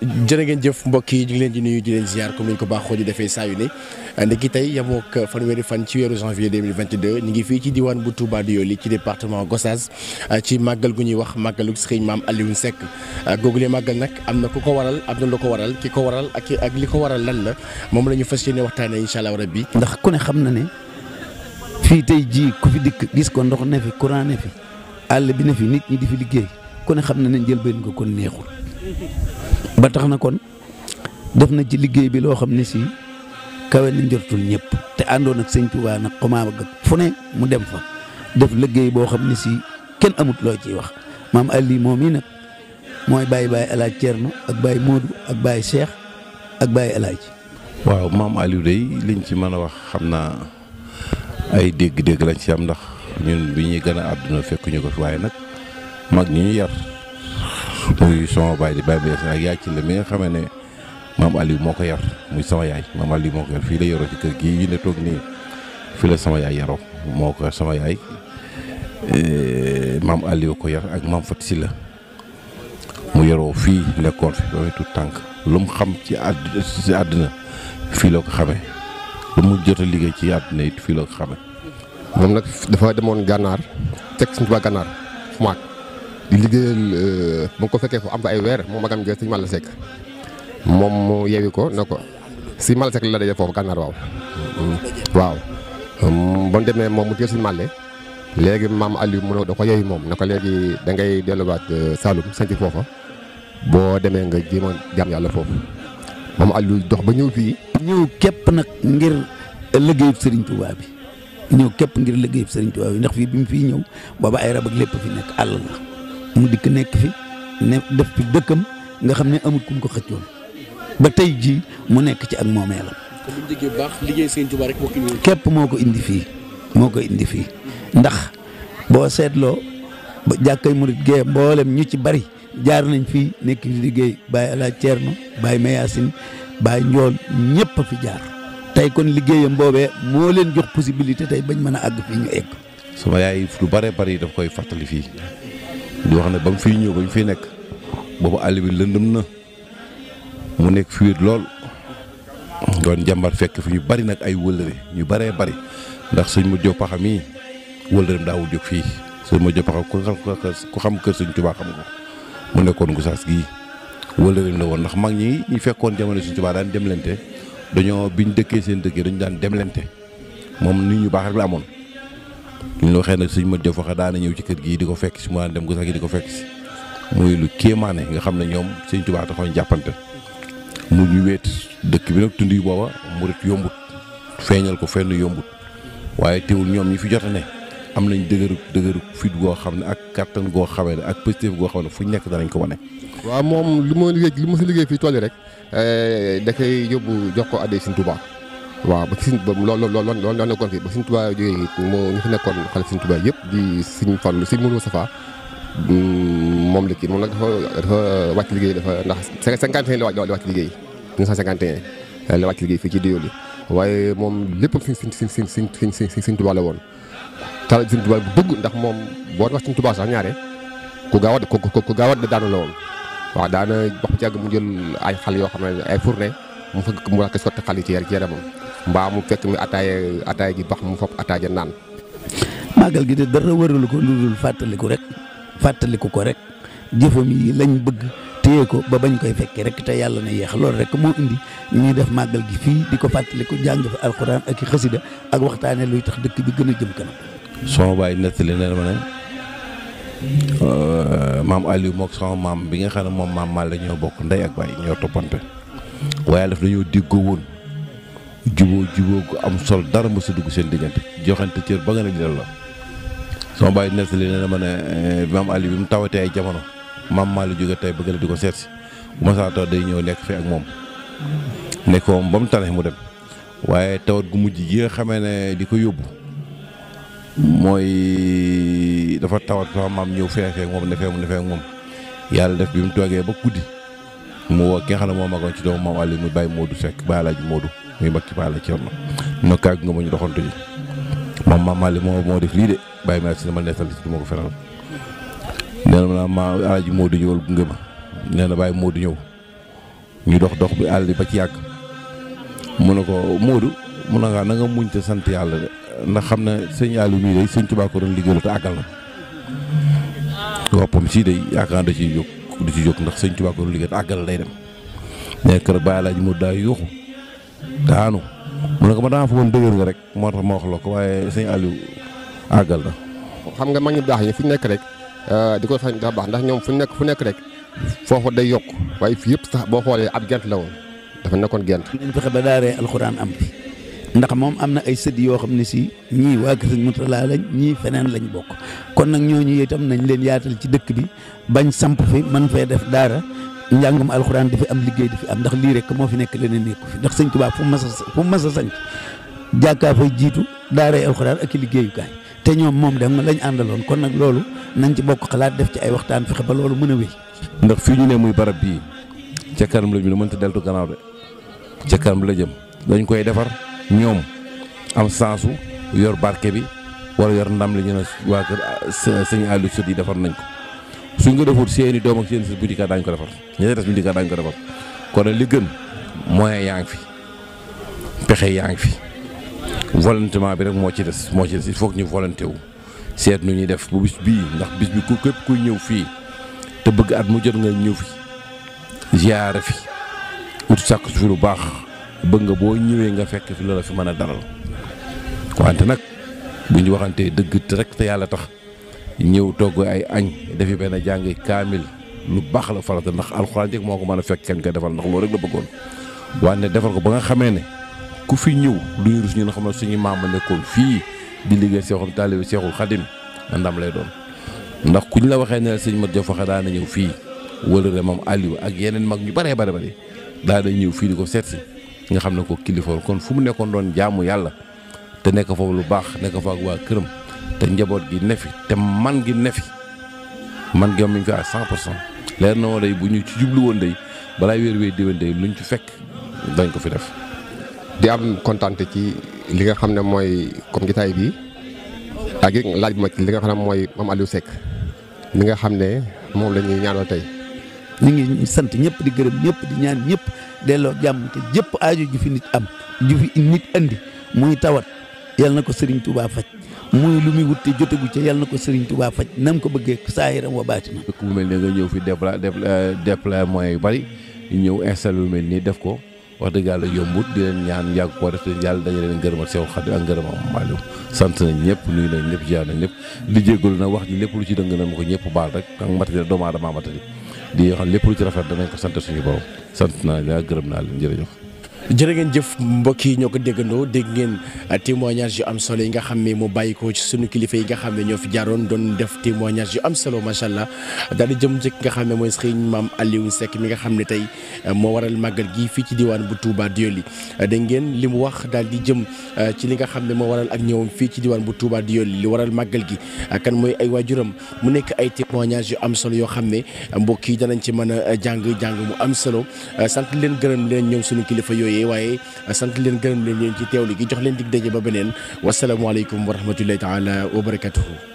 jërë ngeen jëf mbokk yi ñu ngi leen di nuyu di leen ziar comme ni ñu ko baaxoo di defee saa yu ne ndekki tey yamoo ak fanweeri fan ci weeru janvier 2022 ñu ngi fii ci diwaan bu Touba Doyoli ci département Gossas ci màggal gu ñuy wax màggalu Sëriñ Maam Alioune Seck googulee màggal nag am na ku ko waral am na lu ko waral ki ko waral ak ak li ko waral lan la moom la ñu fas yéene waxtaanee incha allah rabbi. ndax ku ne xam na ne fii tey jii ku fi dikk gis ko ne fi àll bi ne fi nit ñi di fi liggéey ku ne xam na ne njëlbeen nga kon neexul ba tax na kon def na ci liggéey bi loo xam ne si kawe na njortul ñëpp te àndoon ak sëñ Tuubaa nag xumaaba gag fu ne mu dem fa def liggéey boo xam ne si kenn amut loo ciy wax maam Aliou moom yi nag mooy bàyyi bàyyi alaaj Thierno ak bàyyi Modou ak bàyyi Cheikh ak bàyyi alaaj waaw maam Aliou day liñ ci mën a wax xam naa ay dégg-dégg lañ ci am ndax ñun bi ñuy gën a àdduna fekkuñu ko fi waaye nag mag ñu ñu yar muy sama baay di baay bees ak yaay ci la mi nga xamee ne maam Aliou moo ko yar muy sama yaay maam Aliou ko fii la yoroo kër gi yi toog nii fii la moo ko sama eh, ko yar ak maam Fatou Sylla mu yaroo fii nekkoon fi ba wetu tànk lu mu xam ci àdd si àddina fii loo ko xamee lu mu jot a liggéey ci àddina it fii la ko xamee. moom nag dafa demoon gànnaar teg suñu tubaab gànnaar xumaat. di liggéeyal euh, ba ko fekkee fu am ko ay weer moom magam ge Serigne Malla moom mu ko na ko Serigne Malla Seck la daje foofu gànnaar mm. Mm, demee moom mu téye Serigne Malla léegi maam Aliou mu ne ko yewi moom na ko léegi da ngay delluwaat euh, Saloum sanc foofa boo demee nga jéem a jaam yàlla foofu moom Aliou dox ba ñëw fii. ñëw képp nag ngir liggéeyub Serigne Touba bi ñëw képp ngir liggéeyub Serigne Touba bi ndax fii bi mu fii ñëw booba ay rab ak lépp fi nekk àll la. mu dikk nekk fi ne def fi dëkkam nga xam ne amul kum ko xëccoon ba tey jii mu nekk ci ak moomeelam. képp moo ko indi fii moo ko indi fii ndax boo seetloo ba jàkkay murit gee mboolem ñu ci bari jaar nañ fii nekk di liggéey Baye Alaaj Ceerno Baye Mayasin Baye Njool ñëpp a fi jaar tey kon liggéeyam boobee moo leen jox possibilité tey bañ mën a àgg fii ñu egg. sama yaay lu bare bari daf koy fàttali fii di wax ne ba mu fiy ñëw ba ñu fiy nekk boobu àll bi lëndëm na mu nekk fi lool doon jàmbar fekk fi ñu bari nag ay wëllëre ñu baree bari ndax sëñ ma jo paxam yi wëllëreem jóg fii sëñ ma jo paxam ku xam kër suñ Tuubaa xam ko mu nekkoon Gossas gii wëllëreem la woon ndax mag ñi ñu fekkoon jamono sëñ Tuubaa daan demlante dañoo bi ñu dëkkee seen dëkkee dañu daan demlante moom nit ñu baax rek la amoon li ñu waxee nag ma Modou Diop waxe daana ñëw ci kër gii di ko fekk si mu daan dem gu sax gi di ko fekk si muy lu kéemaane nga xam ne ñoom sëñ Tuubaa taxoon jàppante mu ñu weet dëkk bi nag tund yi booba murit yombut feeñal ko fenn yombut waaye teewul ñoom ñi fi jota ne am nañ dëgëru dëgëru fit goo xam ne ak kattan goo xamee ne ak positif goo xam ne fu nekk danañ ko wane. waaw moom li ma liggéey li ma si liggéey fii tool yi rek eh, da koy yóbbu jox ko adde sëñ Tuubaa waaw ba si ba lool lool lool lool nekkoon fi ba Sëriñ Tuubaa jógee it moo ñu fi nekkoon xale Sëriñ Tuubaa yëpp di Sëriñ Fallu Sëriñ Mourou Safa mm, moom li kii moom nag dafa dafa wàcc liggéey dafa ndax cinquante et un la wàcc liggéey 1951 euh, la wàcc liggéey fii ci Diyoli waaye moom lépp Sëriñ Sëriñ Sëriñ Sëriñ Sëriñ Sëriñ Tuubaa la woon taal Sëriñ Tuubaa bu bëgg ndax moom boo wax Sëriñ Tuubaa sax ñaare ku gaaw a ku gaaw a daanu la woon waaw daana wax ci yàgg mu jël ay xale yoo xam ne ay fourne mu fëgg mu wax ki sotti xal yi ci yaramam mbaa mu fekk mi ataaya ataaya ji bax mu fopp ataaya ja naan. màggal gi de dara waralu ko lu dul fàttaliku rek fàttaliku ko rek jëfam yi lañ bëgg téye ko ba bañ koy fekkee rek te yàlla na yeex loolu rek moo indi ñuy def màggal gi fii di ko fàttaliku jàng fi alxuraan ak i xasida ak waxtaane luy tax dëkk bi gën a jëm kanam. sama baay nettali na ma ne euh, maam Aliou mook sama maam bi nga xam ne moom maam maa la ñoo bokk ndey ak baay ñoo toppante. waaye daf dañoo déggoo woon juboo juboo gu am sol dara ma sa dugg seen diggante joxante cër ba nga ne dina la sama bàyyi nettali ne na ma ne eh, maam Ali bi mu tawatee ay jamono maam maa la jóge tey bëgg la di ko seet si bu ma saa taw day ñëw nekk fi ak moom nekk moom ba mu tane mu dem waaye tawat gu mujj gi nga xamee ne di ko yóbbu mooy dafa tawat sama maam ñëw feexee moom ne mu ne fee moom yàlla def bi mu toogee ba kuddi mu woo xam ne moo magoon ci doomu maam Aliou muy bàyyi Modou Seck bàyyi Alaaji Modou muy mag ci bàyyi Alaaji Cerno no kaag nga ma lii de ma si dama nettal ci ko feral nee na ma ma ñëwal gunge ma nee na bàyyi Modou ñëw ñu dox dox bi àll ba ci yàgg mu ne ko moodu mu ne nga ah, na nga muñ te sant yàlla de ndax xam ne sëñ Aliou mii day sëñ Tuubaa ko doon liggéeyal te àggal na woppam sii day yaakaar da ciy jóg ñëpp di ci jóg ndax sëñ Tuubaa ko liggéey àggal lay dem nekk rek bàyyi laa ji mu daay yuuxu daanu mu na ko ma dama foogoon dëgër nga rek moo tax ma wax la ko waaye sëñ Aliou àggal na. xam nga mag ñi baax ñi fu ñu nekk rek euh, di ko sax dafa baax ndax ñoom fu nekk fu nekk rek foofu day yokk waaye fii yëpp sax boo xoolee ab gent la woon dafa nekkoon gent. nañ fexe ba daaree alxuraan am ndax moom am na ay sët yoo xam ne si ñii waa kër sëñ Mourtala lañ ñii feneen lañ bokk kon nag ñooñu itam nañ leen yaatal ci dëkk bi bañ samp fi man fee def daara njàngum alxuraan di am liggéey di fi am lii rek moo fi nekk leneen nekku ndax sëñ Tuubaa fu mas mas a sanc jàkkaa fay jiitu daaray alxuraan ak i liggéeyukaay te ñoom moom dem lañ àndaloon kon nag loolu nañ ci bokk xalaat def ci ay waxtaan fexe ba loolu mën a wéy ndax fii ñu ne muy barab bii ca kanam la ñu mënta deltu gannaaw de ca kanam la jëm dañ koy defar ñoom am sansu yor barke bi wala yor ndam li ñu ne waa kër ah, sëñ Aliou sët yi defar nañ ko suñ nga defut seen i doom ak seen i sët bu ko defar ñeneen des ko defar kon li gën moyen yaa ngi fi pexe yaa ngi fi volontement bi rek moo ci des moo ci des il faut que ñu volonté wu seet nu ñuy def bu bis bii ndax bis bi ku képp kuy ñëw fii te bëgg at mu jot nga ñëw fi ziyaare fi ut sàkk su lu baax. bëgg nga boo ñëwee nga fekk fi loola fi mën a dalal wante nag bu ñu waxantee dëgg rek te yàlla tax ñëw togg ay añ def yi benn jàng kaamil lu baax la farata ndax alxuraan jëkk moo ko mën a fekk kenn ko defal ndax loolu rek la bëggoon wante defal ko ba nga xamee ne ku fi ñëw du ñu rus ñu xam ne suñu maam nekkoon fii di liggéey seexul taalibe seexul xadim ndam lay doon ndax kuñ la waxee ne sëñ Mat Jofaxa daan na ñëw fii wala moom Aliou ak yeneen mag ñu baree bare bari daa day ñëw fii di ko seet nga xam ne ko kilifa kon fu mu nekkoon doon jaamu yàlla te nekk foofu lu baax nekk fa ak waa këram te njaboot gi nefi te man gi nefi man gi moom mi fi à 100 leer na woon bu ñu ci jublu day balaa wéer wéer déwén luñ ci fekk dañ ko fi def. di am kontaante ci li nga xam ne mooy comme jotaay bi ak laaj bi ma ci li nga xam ne mooy Mame Aliou Seck li nga xam ne moom la ñuy ñaanal tey. ñu ngi sant ñëpp di gërëm ñëpp di ñaan ñëpp delloo jàmm te jëpp aajo ju fi nit am ju fi nit andi muy tawat yal na ko Serigne Touba faj muy lu muy wut te jotegu ca yal na ko Serigne Touba faj nam ko bëggee saa yaram wa baati na. dëkk bu nga ñëw fi dépla déploiement yu bari ñëw installé lu mel nii def ko wax dëgg yàlla yombut di leen ñaan yàgg ko def te yàlla dañu leen gërëmal sew xadim ak ngërëmam maalum sant nañ ñëpp nuyu nañ ñëpp ziar nañ ñëpp di jégalu nag wax ji lu ci dëng na ma ko ñëpp baal rek ak matériel doomu aadama di yoo xam lépp lu ci rafet danañ ko sant suñu borom sant naa la gërëm naa leen jërëjëf jërë ngeen jëf mbokk yi ñoo ko déggandoo dégg ngeen témoignage yu am solo yi nga xam ne mu bàyyi ko ci sunu kilifa yi nga xam ne ñoo fi jaaroon doon def témoignage am solo macha allah daal jëm ci nga xam ne mooy sëriñ maam Alioune Seck mi nga xam ne tey moo waral màggal gi fii ci diwaan bu Touba Diyoli dégg ngeen li mu wax daal di jëm ci li nga xam ne moo waral ak ñëwam fii ci diwaan bu Touba Diyoli li waral màggal gi kan mooy ay waajuram mu nekk ay témoignage yu am solo yoo xam ne mbokk yi danañ ci mën a jàng jàng mu am solo sant leen gërëm leen ñoom sunu kilifa yooyu waaye euh, sant leen gërëm leen leen ci teewlu gi jox leen dig daje ba beneen wasalaamualeykum wa rahmatullahi taala wa barakatuhu